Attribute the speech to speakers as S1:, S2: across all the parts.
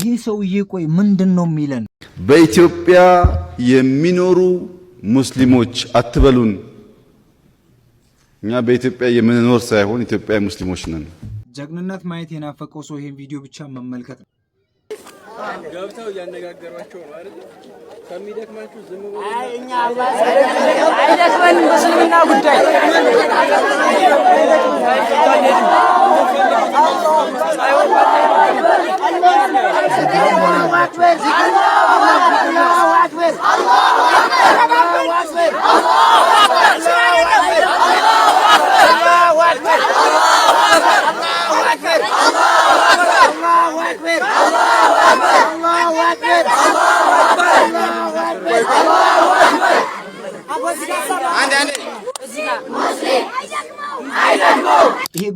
S1: ይህ ሰውዬ ቆይ ምንድን ነው የሚለን?
S2: በኢትዮጵያ የሚኖሩ ሙስሊሞች አትበሉን። እኛ በኢትዮጵያ የምንኖር ሳይሆን ኢትዮጵያ ሙስሊሞች ነን።
S1: ጀግንነት ማየት የናፈቀው ሰው ይህን ቪዲዮ ብቻ መመልከት ነው። ገብተው እያነጋገሯቸው ነው አይደል? aida kuva nimbasonina kudai Allah Allah Allah Allah አንድ አንድ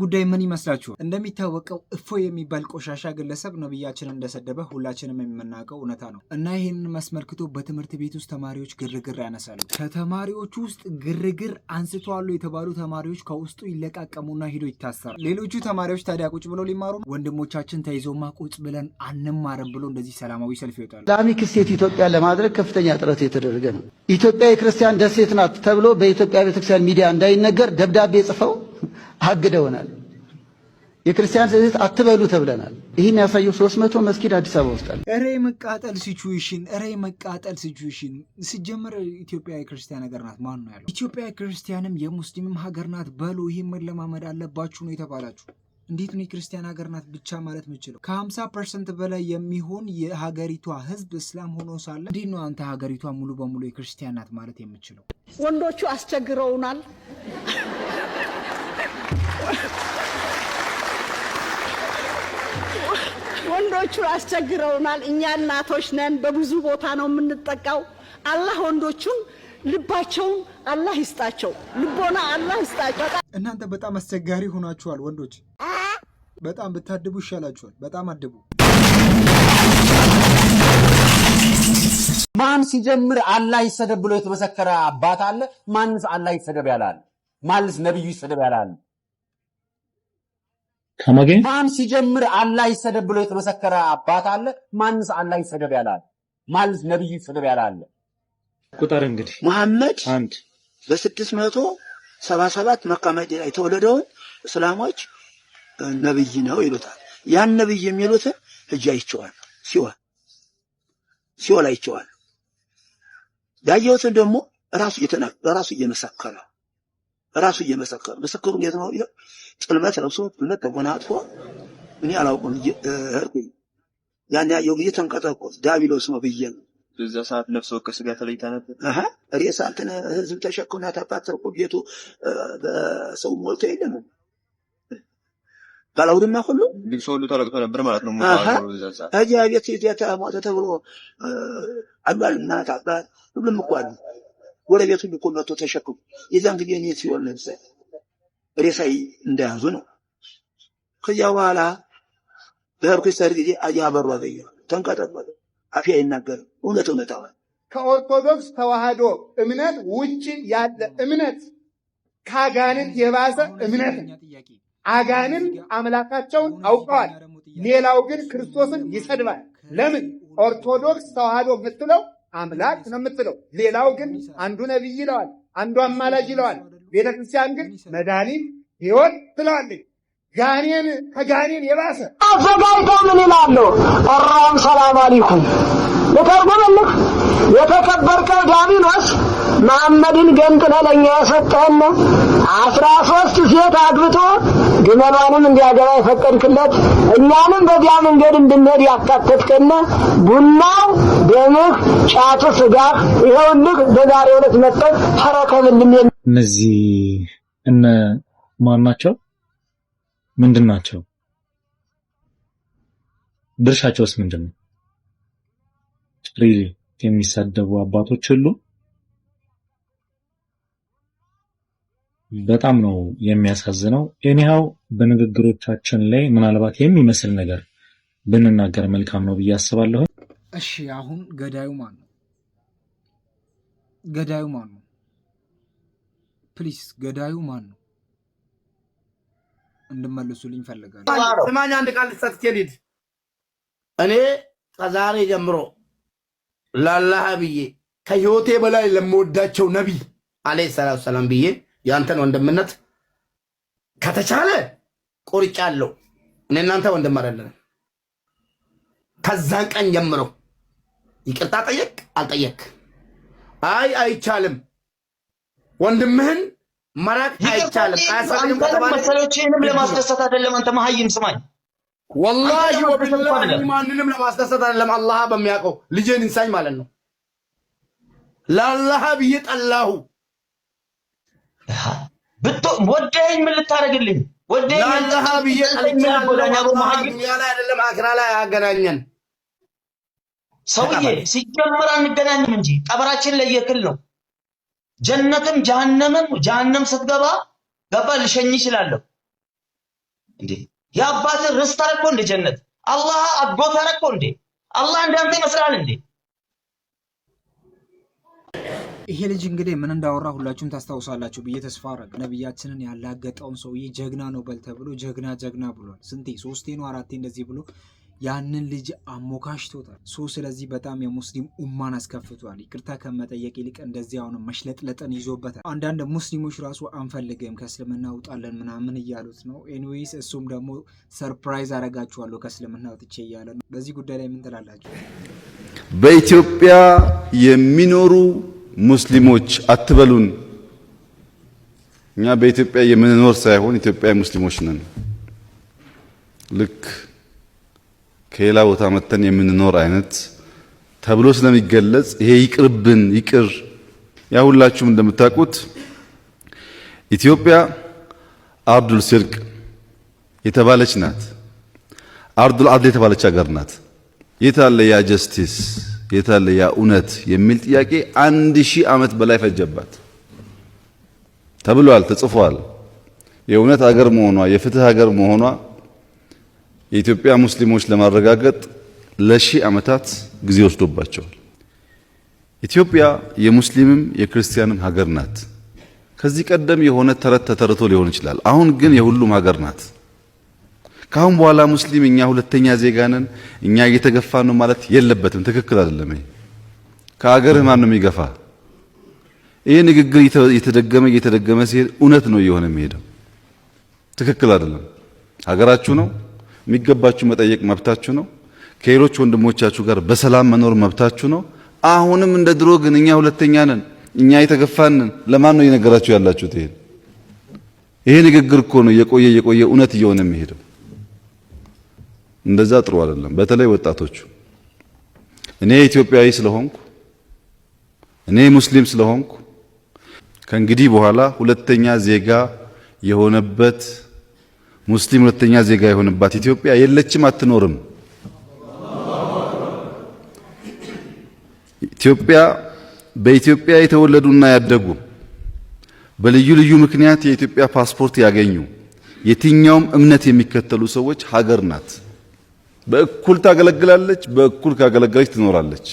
S1: ጉዳይ ምን ይመስላችኋል? እንደሚታወቀው እፎ የሚባል ቆሻሻ ግለሰብ ነብያችን እንደሰደበ ሁላችንም የምናውቀው እውነታ ነው እና ይህንን አስመልክቶ በትምህርት ቤት ውስጥ ተማሪዎች ግርግር ያነሳሉ። ከተማሪዎቹ ውስጥ ግርግር አንስተዋሉ የተባሉ ተማሪዎች ከውስጡ ይለቃቀሙና ሂዶ ይታሰራል። ሌሎቹ ተማሪዎች ታዲያ ቁጭ ብለው ሊማሩ ወንድሞቻችን ተይዞማ ቁጭ ብለን አንማርም ብሎ እንደዚህ ሰላማዊ ሰልፍ ይወጣሉ። ኢስላሚክ ስቴት ኢትዮጵያ ለማድረግ ከፍተኛ ጥረት የተደረገ ነው። ኢትዮጵያ የክርስቲያን ደሴት ናት ተብሎ በኢትዮጵያ ቤተክርስቲያን ሚዲያ እንዳይነገር ደብዳቤ ጽፈው አግደውናል። የክርስቲያን ዘይት አትበሉ ተብለናል። ይህን ያሳየው ሶስት መቶ መስጊድ አዲስ አበባ ውስጥ አለ። ኧረ የመቃጠል ሲቹዌሽን፣ ኧረ የመቃጠል ሲቹዌሽን። ሲጀምር ኢትዮጵያ የክርስቲያን ሀገር ናት ማን ነው ያለው? ኢትዮጵያ የክርስቲያንም የሙስሊምም ሀገር ናት። በሉ ይህም መለማመድ አለባችሁ ነው የተባላችሁ። እንዴት ነው የክርስቲያን ሀገር ናት ብቻ ማለት የምችለው? ከ50 ፐርሰንት በላይ የሚሆን የሀገሪቷ ህዝብ እስላም ሆኖ ሳለ እንዴት ነው አንተ ሀገሪቷ ሙሉ በሙሉ የክርስቲያን ናት ማለት የምችለው?
S3: ወንዶቹ አስቸግረውናል ወንዶቹን አስቸግረውናል። እኛ እናቶች ነን፣ በብዙ ቦታ ነው የምንጠቃው። አላህ ወንዶቹን ልባቸውን አላህ ይስጣቸው፣ ልቦና አላህ ይስጣቸው።
S1: እናንተ በጣም አስቸጋሪ ሆናችኋል ወንዶች። በጣም ብታድቡ ይሻላችኋል። በጣም አድቡ። ማን ሲጀምር አላህ ይሰደብ ብሎ የተመሰከረ አባት አለ? ማንስ አላህ ይሰደብ ያላል? ማንስ ነቢዩ ይሰደብ ያላል? ከመገኝ ማን ሲጀምር አላህ ይሰደብ ብሎ የተመሰከረ አባት አለ? ማንስ አላህ ይሰደብ ያላል? ማንስ ነብዩ ይሰደብ ያላል? ቁጥር እንግዲህ
S4: መሐመድ አንድ በስድስት መቶ ሰባ ሰባት መካ መዲና የተወለደውን እስላሞች ነብይ ነው ይሉታል። ያን ነብይ የሚሉትን እጅ አይቼዋል፣ ሲወል ሲወል አይቼዋል። ያየሁትን ደግሞ ራሱ እየተናገረ ራሱ እየመሰከረ ራሱ እየመሰከረ ምስክሩ እንዴት ነው? ጥልመት ለብሶ ጥልመት ተጎናጥፎ እኔ አላውቅም ሄድኩኝ። ያን ያየው ጊዜ ተንቀጠቆስ ዳቢሎስ ነው ብዬ ነው።
S1: በዛ ሰዓት ነፍስ ወከፍ ስጋ ተለይታ ነበር።
S4: ሬሳ እንትን ህዝብ ተሸክምና ታፓትርቁ ቤቱ በሰው ሞልቶ የለም ባላውድማ ሁሉ
S1: ሰው ሁሉ ተረግጦ ነበር ማለት ነው።
S4: እዚያ ቤት ቤት ሞተ ተብሎ አሏል እናት አባት ሁሉም እኮ አሉ። ጎረቤቱ ሁሉ እኮ መጥቶ ተሸክሙ የዛን ጊዜ እኔ ሲሆን ለምሳሌ ሬሳ እንደያዙ ነው። ከዚያ በኋላ በህብክስተር ጊዜ አያበሩ አገኘ ተንቀጠቀጠ። አፊ አይናገርም። እውነት እውነት አሁን
S5: ከኦርቶዶክስ ተዋህዶ እምነት ውጭ ያለ እምነት ከአጋንን የባሰ እምነት አጋንን አምላካቸውን አውቀዋል። ሌላው ግን ክርስቶስን ይሰድባል። ለምን? ኦርቶዶክስ ተዋህዶ የምትለው አምላክ ነው የምትለው። ሌላው ግን አንዱ ነቢይ ይለዋል፣ አንዱ አማላጅ ይለዋል ቤተ ክርስቲያን ግን መድኃኒት ህይወት ትለዋለች። ጋኔን ከጋኔን የባሰ
S6: አዘጋጅቶ ምን ይላሉ? አራም ሰላም አለይኩም ልተርጉምልህ። የተከበርከ ዳሚኖስ መሐመድን ገንጥለህ ለእኛ የሰጠህን አስራ ሶስት ሴት አግብቶ ግመሏንም እንዲያገባ የፈቀድክለት እኛንም በዚያ መንገድ እንድንሄድ ያካተትከን ቡናው ደምህ፣ ጫቱ ስጋህ ይኸውልህ በዛሬ ዕለት መጠን ተረከብልን።
S1: እነዚህ እነ ማን ናቸው? ምንድን ናቸው? ድርሻቸውስ ምንድን ነው? ሪል የሚሳደቡ አባቶች ሁሉ በጣም ነው የሚያሳዝነው። ኤኒሃው በንግግሮቻችን ላይ ምናልባት የሚመስል ነገር ብንናገር መልካም ነው ብዬ አስባለሁ። እሺ አሁን ገዳዩ ማን ነው? ገዳዩ ማን ነው? ፕሊስ ገዳዩ ማን ነው? እንድመልሱልኝ
S7: ፈልጋለሁ። ስማኝ አንድ ቃል ሰጥቼ ልሂድ። እኔ ከዛሬ ጀምሮ ላላህ ብዬ ከህይወቴ በላይ ለምወዳቸው ነቢ አለይሂ ሰላቱ ሰላም ብዬ የአንተን ወንድምነት ከተቻለ አለው። እኔ እናንተ ወንድም አይደለን። ከዛን ቀን ጀምሮ ይቅርታ ጠየቅ አልጠየቅ፣ አይ አይቻልም ወንድምህን መራቅ አይቻልም። መሰሎችህንም ለማስደሰት አይደለም። አንተ መሀይም ስማኝ፣ ወላሂ ወቢላሂ ማንንም ለማስደሰት አይደለም። አላህ በሚያውቀው ልጄን እንሳኝ ማለት ነው። ለአላህ ብዬ ጠላሁ። ወደኝ ምን ልታደርግልኝ? ወደኝ ብዬ ጠልቻለሁ። አይደለም አክራ ላይ አያገናኘን ሰውዬ። ሲጀምር አንገናኝም እንጂ ጠበራችን ለየክል ነው። ጀነትም ጀሃነምም ጀሃነም ስትገባ ገባ ልሸኝ ይችላለሁ እንዴ? የአባትህ ርስት አልኮ እንደ ጀነት አላህ አጎት እንዴ? አላህ እንዳንተ ይመስላል እንዴ?
S1: ይሄ ልጅ እንግዲህ ምን እንዳወራ ሁላችሁም ታስታውሳላችሁ ብዬ ተስፋ አረግ ነቢያችንን ያላገጠውን ሰውዬ ጀግና ነው በል ተብሎ ጀግና ጀግና ብሏል። ስንቴ ሶስቴ ነው አራቴ እንደዚህ ብሎ ያንን ልጅ አሞካሽቶታል። ሶ ስለዚህ በጣም የሙስሊም ኡማን አስከፍቷል። ይቅርታ ከመጠየቅ ይልቅ እንደዚህ አሁን መሽለጥለጥን ይዞበታል። አንዳንድ ሙስሊሞች ራሱ አንፈልግም ከእስልምና ውጣለን ምናምን እያሉት ነው። ኤንዌይስ እሱም ደግሞ ሰርፕራይዝ አረጋችኋለሁ ከእስልምና ውጥቼ እያለ ነው። በዚህ ጉዳይ ላይ ምን ትላላችሁ?
S2: በኢትዮጵያ የሚኖሩ ሙስሊሞች አትበሉን። እኛ በኢትዮጵያ የምንኖር ሳይሆን ኢትዮጵያ ሙስሊሞች ነን ልክ ከሌላ ቦታ መጥተን የምንኖር አይነት ተብሎ ስለሚገለጽ ይሄ ይቅርብን ይቅር። ያ ሁላችሁም እንደምታውቁት ኢትዮጵያ አርዱል ሲርቅ የተባለች ናት። አርዱል አድል የተባለች ሀገር ናት። የታለ ያ ጀስቲስ የታለ ያ እውነት የሚል ጥያቄ አንድ ሺህ ዓመት በላይ ፈጀባት ተብሏል፣ ተጽፏል። የእውነት ሀገር መሆኗ የፍትህ ሀገር መሆኗ የኢትዮጵያ ሙስሊሞች ለማረጋገጥ ለሺህ ዓመታት ጊዜ ወስዶባቸዋል። ኢትዮጵያ የሙስሊምም የክርስቲያንም ሀገር ናት። ከዚህ ቀደም የሆነ ተረት ተተርቶ ሊሆን ይችላል። አሁን ግን የሁሉም ሀገር ናት። ከአሁን በኋላ ሙስሊም እኛ ሁለተኛ ዜጋ ነን፣ እኛ እየተገፋ ነው ማለት የለበትም። ትክክል አይደለም። ከሀገር ማን ነው የሚገፋ? ይህ ንግግር እየተደገመ እየተደገመ ሲሄድ እውነት ነው እየሆነ የሚሄደው። ትክክል አይደለም። ሀገራችሁ ነው የሚገባችሁ መጠየቅ መብታችሁ ነው። ከሌሎች ወንድሞቻችሁ ጋር በሰላም መኖር መብታችሁ ነው። አሁንም እንደ ድሮ ግን እኛ ሁለተኛ ነን፣ እኛ የተገፋንን። ለማን ነው እየነገራችሁ ያላችሁት? ይሄን ይሄ ንግግር እኮ ነው የቆየ የቆየ እውነት እየሆነ የሚሄደው። እንደዛ ጥሩ አይደለም። በተለይ ወጣቶቹ እኔ ኢትዮጵያዊ ስለሆንኩ እኔ ሙስሊም ስለሆንኩ ከእንግዲህ በኋላ ሁለተኛ ዜጋ የሆነበት ሙስሊም ሁለተኛ ዜጋ የሆነባት ኢትዮጵያ የለችም፣ አትኖርም። ኢትዮጵያ በኢትዮጵያ የተወለዱና ያደጉ በልዩ ልዩ ምክንያት የኢትዮጵያ ፓስፖርት ያገኙ የትኛውም እምነት የሚከተሉ ሰዎች ሀገር ናት። በእኩል ታገለግላለች። በእኩል ካገለገለች ትኖራለች።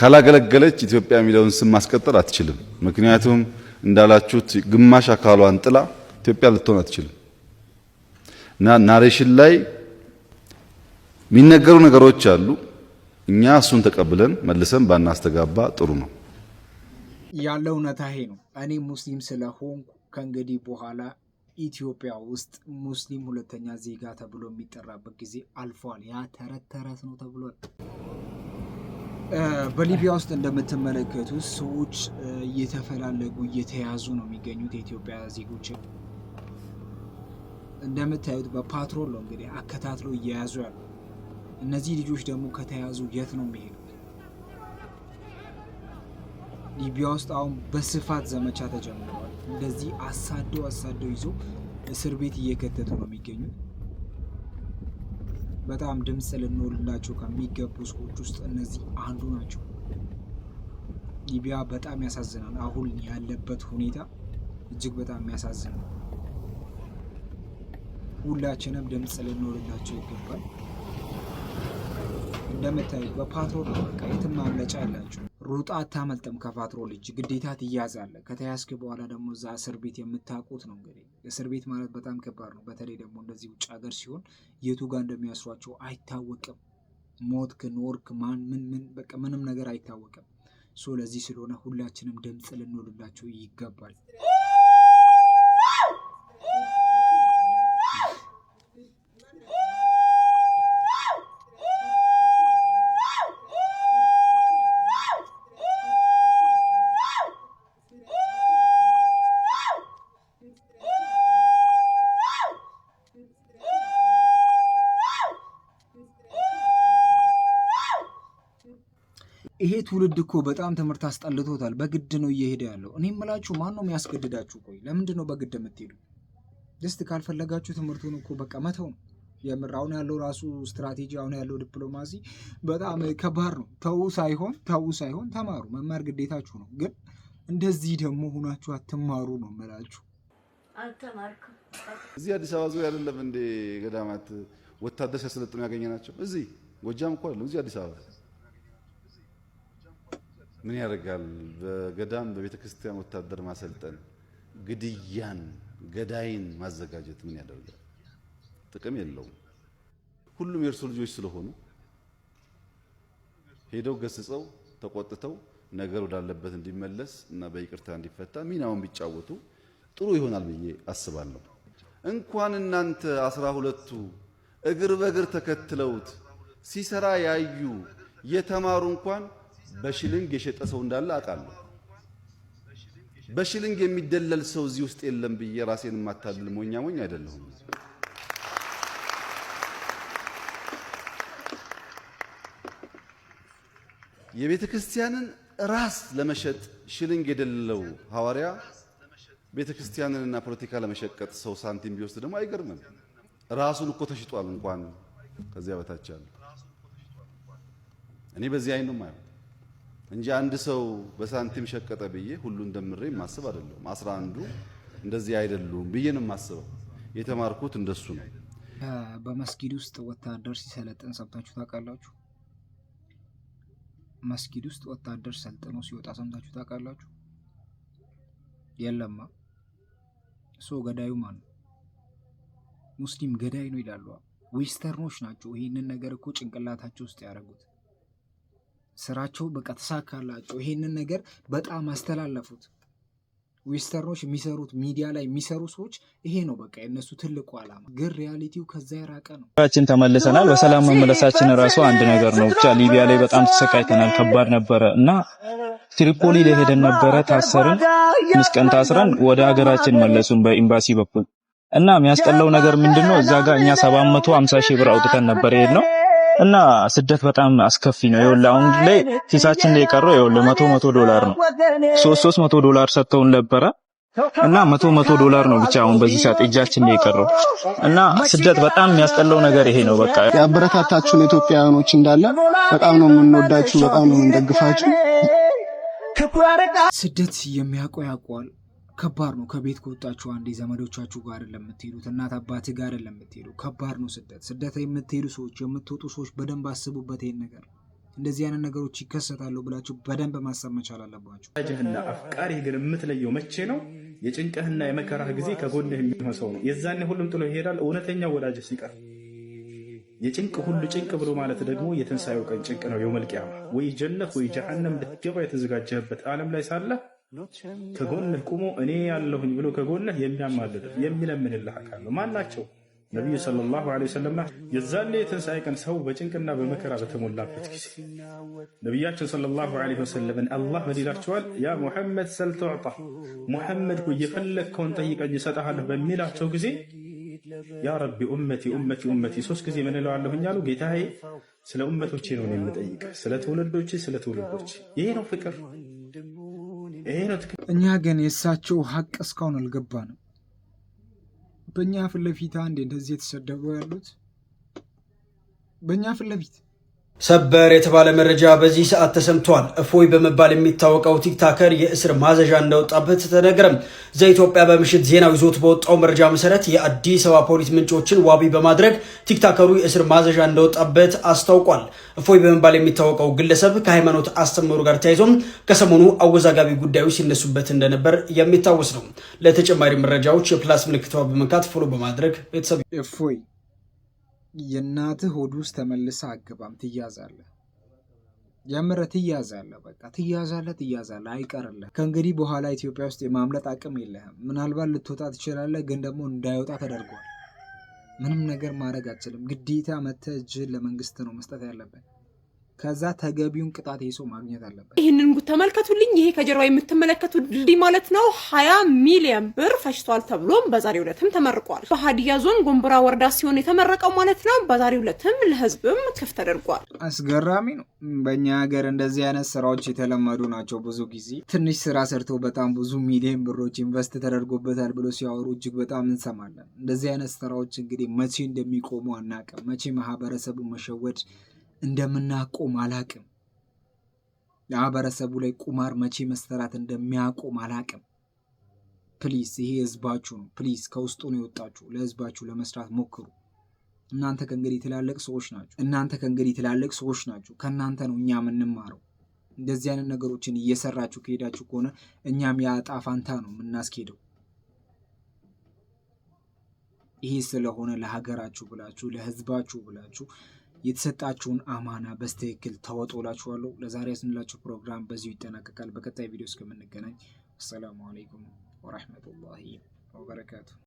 S2: ካላገለገለች ኢትዮጵያ የሚለውን ስም ማስቀጠል አትችልም። ምክንያቱም እንዳላችሁት ግማሽ አካሏን ጥላ ኢትዮጵያ ልትሆን አትችልም። እና ናሬሽን ላይ የሚነገሩ ነገሮች አሉ። እኛ እሱን ተቀብለን መልሰን ባናስተጋባ ጥሩ ነው።
S1: ያለው እውነታ ይሄ ነው። እኔ ሙስሊም ስለሆንኩ ከእንግዲህ በኋላ ኢትዮጵያ ውስጥ ሙስሊም ሁለተኛ ዜጋ ተብሎ የሚጠራበት ጊዜ አልፏል። ያ ተረት ተረት ነው ተብሏል። በሊቢያ ውስጥ እንደምትመለከቱት ሰዎች እየተፈላለጉ እየተያዙ ነው የሚገኙት የኢትዮጵያ ዜጎች እንደምታዩት በፓትሮል ነው እንግዲህ አከታትሎ እየያዙ ያሉ። እነዚህ ልጆች ደግሞ ከተያዙ የት ነው የሚሄዱት? ሊቢያ ውስጥ አሁን በስፋት ዘመቻ ተጀምረዋል። እንደዚህ አሳደው አሳደው ይዞ እስር ቤት እየከተቱ ነው የሚገኙት። በጣም ድምፅ ልንወልላቸው ከሚገቡ ሰዎች ውስጥ እነዚህ አንዱ ናቸው። ሊቢያ በጣም ያሳዝናል። አሁን ያለበት ሁኔታ እጅግ በጣም ያሳዝናል። ሁላችንም ድምፅ ልንኖርላቸው ይገባል። እንደምታዩት በፓትሮል በቃ የትም ማምለጫ ያላቸው ሩጣ አታመልጥም። ከፓትሮል እጅ ግዴታ ትያዛለ። ከተያዝክ በኋላ ደግሞ እዛ እስር ቤት የምታውቁት ነው እንግዲህ። እስር ቤት ማለት በጣም ከባድ ነው። በተለይ ደግሞ እንደዚህ ውጭ ሀገር ሲሆን የቱ ጋር እንደሚያስሯቸው አይታወቅም። ሞትክ፣ ኖርክ፣ ማን ምን ምን በቃ ምንም ነገር አይታወቅም። ሶ ለዚህ ስለሆነ ሁላችንም ድምፅ ልንኖርላቸው ይገባል። ትውልድ እኮ በጣም ትምህርት አስጠልቶታል። በግድ ነው እየሄደ ያለው። እኔ የምላችሁ ማን ነው የሚያስገድዳችሁ? ቆይ ለምንድን ነው በግድ የምትሄዱ? ደስት ካልፈለጋችሁ ትምህርቱን እኮ በቃ መተው ነው የምር። አሁን ያለው ራሱ ስትራቴጂ፣ አሁን ያለው ዲፕሎማሲ በጣም ከባድ ነው። ተው ሳይሆን ተው ሳይሆን ተማሩ፣ መማር ግዴታችሁ ነው። ግን እንደዚህ ደግሞ ሁናችሁ አትማሩ ነው የምላችሁ።
S2: አልተማርኩም። እዚህ አዲስ አበባ ዙሪያ አይደለም እንዴ ገዳማት ወታደር ሲያሰለጥኑ ያገኘ ናቸው። እዚህ ጎጃም እኮ አይደለም፣ እዚህ አዲስ አበባ ምን ያደርጋል? በገዳም በቤተ ክርስቲያን ወታደር ማሰልጠን፣ ግድያን፣ ገዳይን ማዘጋጀት ምን ያደርጋል? ጥቅም የለውም። ሁሉም የእርሱ ልጆች ስለሆኑ ሄደው ገስጸው ተቆጥተው ነገር ወዳለበት እንዲመለስ እና በይቅርታ እንዲፈታ ሚናውን ቢጫወቱ ጥሩ ይሆናል ብዬ አስባለሁ። እንኳን እናንተ አስራ ሁለቱ እግር በእግር ተከትለውት ሲሰራ ያዩ የተማሩ እንኳን በሽልንግ የሸጠ ሰው እንዳለ አውቃለሁ። በሽልንግ የሚደለል ሰው እዚህ ውስጥ የለም ብዬ ራሴን የማታልል ሞኛ ሞኝ አይደለሁም። የቤተ ክርስቲያንን ራስ ለመሸጥ ሽልንግ የደለለው ሐዋርያ ቤተ ክርስቲያንንና ፖለቲካ ለመሸቀጥ ሰው ሳንቲም ቢወስድ ደግሞ አይገርምም። ራሱን እኮ ተሽጧል እንኳን ከዚያ በታች ያለ እኔ በዚህ አይኑ እንጂ አንድ ሰው በሳንቲም ሸቀጠ ብዬ ሁሉን ደምሬ ማስብ አይደለም። አስራ አንዱ እንደዚህ አይደሉም ብዬ ነው የማስበው። የተማርኩት እንደሱ ነው።
S1: በመስጊድ ውስጥ ወታደር ሲሰለጥን ሰምታችሁ ታውቃላችሁ? መስጊድ ውስጥ ወታደር ሰልጥኖ ሲወጣ ሰምታችሁ ታውቃላችሁ? የለማ። ሶ ገዳዩ ማን ሙስሊም ገዳይ ነው ይላሉ። ዌስተርኖች ናቸው። ይህንን ነገር እኮ ጭንቅላታቸው ውስጥ ያደረጉት ስራቸው በቃ ተሳካላቸው። ይሄንን ነገር በጣም አስተላለፉት። ዌስተርኖች የሚሰሩት ሚዲያ ላይ የሚሰሩ ሰዎች ይሄ ነው በቃ የእነሱ ትልቁ ዓላማ። ግን ሪያሊቲው ከዛ የራቀ ነው። ችን ተመልሰናል። በሰላም መመለሳችን ራሱ አንድ ነገር ነው። ብቻ ሊቢያ ላይ በጣም ተሰቃይተናል። ከባድ ነበረ እና ትሪፖሊ ላይ ነበረ። ታሰርን። አምስት ቀን ታስረን ወደ ሀገራችን መለሱን በኤምባሲ በኩል እና የሚያስጠላው ነገር ምንድን ነው? እዛ ጋር እኛ ሰባት መቶ ሀምሳ ሺህ ብር አውጥተን ነበር ይሄድ ነው እና ስደት በጣም አስከፊ ነው። ይኸውልህ አሁን ላይ ኪሳችን ላይ የቀረው ይኸውልህ መቶ መቶ ዶላር ነው። ሶስት ሶስት መቶ ዶላር ሰጥተውን ነበረ እና መቶ መቶ ዶላር ነው ብቻ አሁን በዚህ ሰዓት እጃችን ላይ የቀረው እና ስደት በጣም የሚያስጠላው ነገር ይሄ ነው። በቃ ያበረታታችሁን ኢትዮጵያውያኖች እንዳለ በጣም ነው የምንወዳችሁ፣ በጣም ነው የምንደግፋችሁ። ስደት የሚያውቀው ያውቀዋል። ከባድ ነው። ከቤት ከወጣችሁ አንዴ ዘመዶቻችሁ ጋር ለምትሄዱት እናት አባት ጋር ለምትሄዱ ከባድ ነው ስደት። ስደት የምትሄዱ ሰዎች፣ የምትወጡ ሰዎች በደንብ አስቡበት ይሄን ነገር። እንደዚህ አይነት ነገሮች ይከሰታሉ ብላችሁ በደንብ ማሰብ መቻል አለባችሁ። ጅህና አፍቃሪ ግን የምትለየው መቼ ነው? የጭንቅህና የመከራህ ጊዜ ከጎንህ የሚሆን ሰው ነው። የዛኔ ሁሉም ጥሎ ይሄዳል። እውነተኛ ወዳጅ ሲቀር የጭንቅ ሁሉ ጭንቅ ብሎ ማለት ደግሞ የትንሣኤው ቀን ጭንቅ ነው። የመልቅያማ ወይ ጀነት ወይ ጀሃነም ልትገባ የተዘጋጀህበት ዓለም ላይ ሳለህ ከጎንህ ቁሞ እኔ ያለሁኝ ብሎ ከጎንህ የሚያማልድ የሚለምንልህ አካል ነው። ማን ናቸው? ነቢዩ ሰለላሁ ዐለይሂ ወሰለም የዛኔ የትንሣኤ ቀን ሰው በጭንቅና በመከራ በተሞላበት ጊዜ ነቢያችን ሰለላሁ ዐለይሂ ወሰለምን አላህ ምን ይላቸዋል? ያ ሙሐመድ ሰል ቱዕጣ፣ ሙሐመድ ሆይ የፈለግከውን ጠይቀኝ እሰጥሃለሁ በሚላቸው ጊዜ ያ ረቢ ኡመቲ ኡመቲ ኡመቲ ሶስት ጊዜ ምን እለዋለሁኝ አሉ። ጌታዬ ስለ ኡመቶቼ ነው የምጠይቀ፣ ስለ ትውልዶቼ፣ ስለ ትውልዶቼ። ይሄ ነው ፍቅር እኛ ግን የእሳቸው ሀቅ እስካሁን አልገባ ነው። በእኛ ፊት ለፊት አንዴ እንደዚህ የተሰደበው ያሉት በእኛ ፊት ለፊት ሰበር የተባለ መረጃ በዚህ ሰዓት ተሰምቷል። እፎይ በመባል የሚታወቀው ቲክታከር የእስር ማዘዣ እንደወጣበት ተነገረም። ዘኢትዮጵያ በምሽት ዜናው ይዞት በወጣው መረጃ መሰረት የአዲስ አበባ ፖሊስ ምንጮችን ዋቢ በማድረግ ቲክታከሩ የእስር ማዘዣ እንደወጣበት አስታውቋል። እፎይ በመባል የሚታወቀው ግለሰብ ከሃይማኖት አስተምህሮ ጋር ተያይዞም ከሰሞኑ አወዛጋቢ ጉዳዩ ሲነሱበት እንደነበር የሚታወስ ነው። ለተጨማሪ መረጃዎች የፕላስ ምልክቷ በመንካት ፎሎ በማድረግ ቤተሰብ እፎይ የእናትህ ሆድ ውስጥ ተመልሰህ አገባም ትያዛለህ። ጀምረ ትያዛለህ። በቃ ትያዛለህ፣ ትያዛለህ፣ አይቀርልህ። ከእንግዲህ በኋላ ኢትዮጵያ ውስጥ የማምለጥ አቅም የለህም። ምናልባት ልትወጣ ትችላለህ፣ ግን ደግሞ እንዳይወጣ ተደርጓል። ምንም ነገር ማድረግ አትችልም። ግዴታ መተህ እጅህን ለመንግስት ነው መስጠት ያለብን። ከዛ ተገቢውን ቅጣት ይሶ ማግኘት አለበት። ይህንን ጉድ ተመልከቱልኝ። ይሄ ከጀርባ የምትመለከቱ ድልድይ ማለት ነው ሀያ ሚሊዮን ብር ፈጅቷል ተብሎም በዛሬው ዕለትም ተመርቋል። በሀዲያ ዞን ጎንቦራ ወረዳ ሲሆን የተመረቀው ማለት ነው። በዛሬው ዕለትም ለህዝብም ክፍት ተደርጓል። አስገራሚ ነው። በእኛ ሀገር እንደዚህ አይነት ስራዎች የተለመዱ ናቸው። ብዙ ጊዜ ትንሽ ስራ ሰርቶ በጣም ብዙ ሚሊዮን ብሮች ኢንቨስት ተደርጎበታል ብሎ ሲያወሩ እጅግ በጣም እንሰማለን። እንደዚህ አይነት ስራዎች እንግዲህ መቼ እንደሚቆሙ አናውቅም። መቼ ማህበረሰቡ መሸወድ እንደምናቆም አላቅም። ማህበረሰቡ ላይ ቁማር መቼ መሰራት እንደሚያቆም አላቅም። ፕሊስ ይሄ ህዝባችሁ ነው። ፕሊስ ከውስጡ ነው የወጣችሁ። ለህዝባችሁ ለመስራት ሞክሩ። እናንተ ከእንግዲህ ትላልቅ ሰዎች ናችሁ። እናንተ ከእንግዲህ ትላልቅ ሰዎች ናችሁ። ከእናንተ ነው እኛ የምንማረው። እንደዚህ አይነት ነገሮችን እየሰራችሁ ከሄዳችሁ ከሆነ እኛም የዕጣ ፋንታ ነው የምናስኬደው። ይሄ ስለሆነ ለሀገራችሁ ብላችሁ ለህዝባችሁ ብላችሁ የተሰጣችሁን አማና በስትክክል ተወጡላችኋለሁ። ለዛሬ ያስንላችሁ ፕሮግራም በዚሁ ይጠናቀቃል። በቀጣይ ቪዲዮ እስከምንገናኝ አሰላሙ አለይኩም ወረህመቱላሂ ወበረካቱ።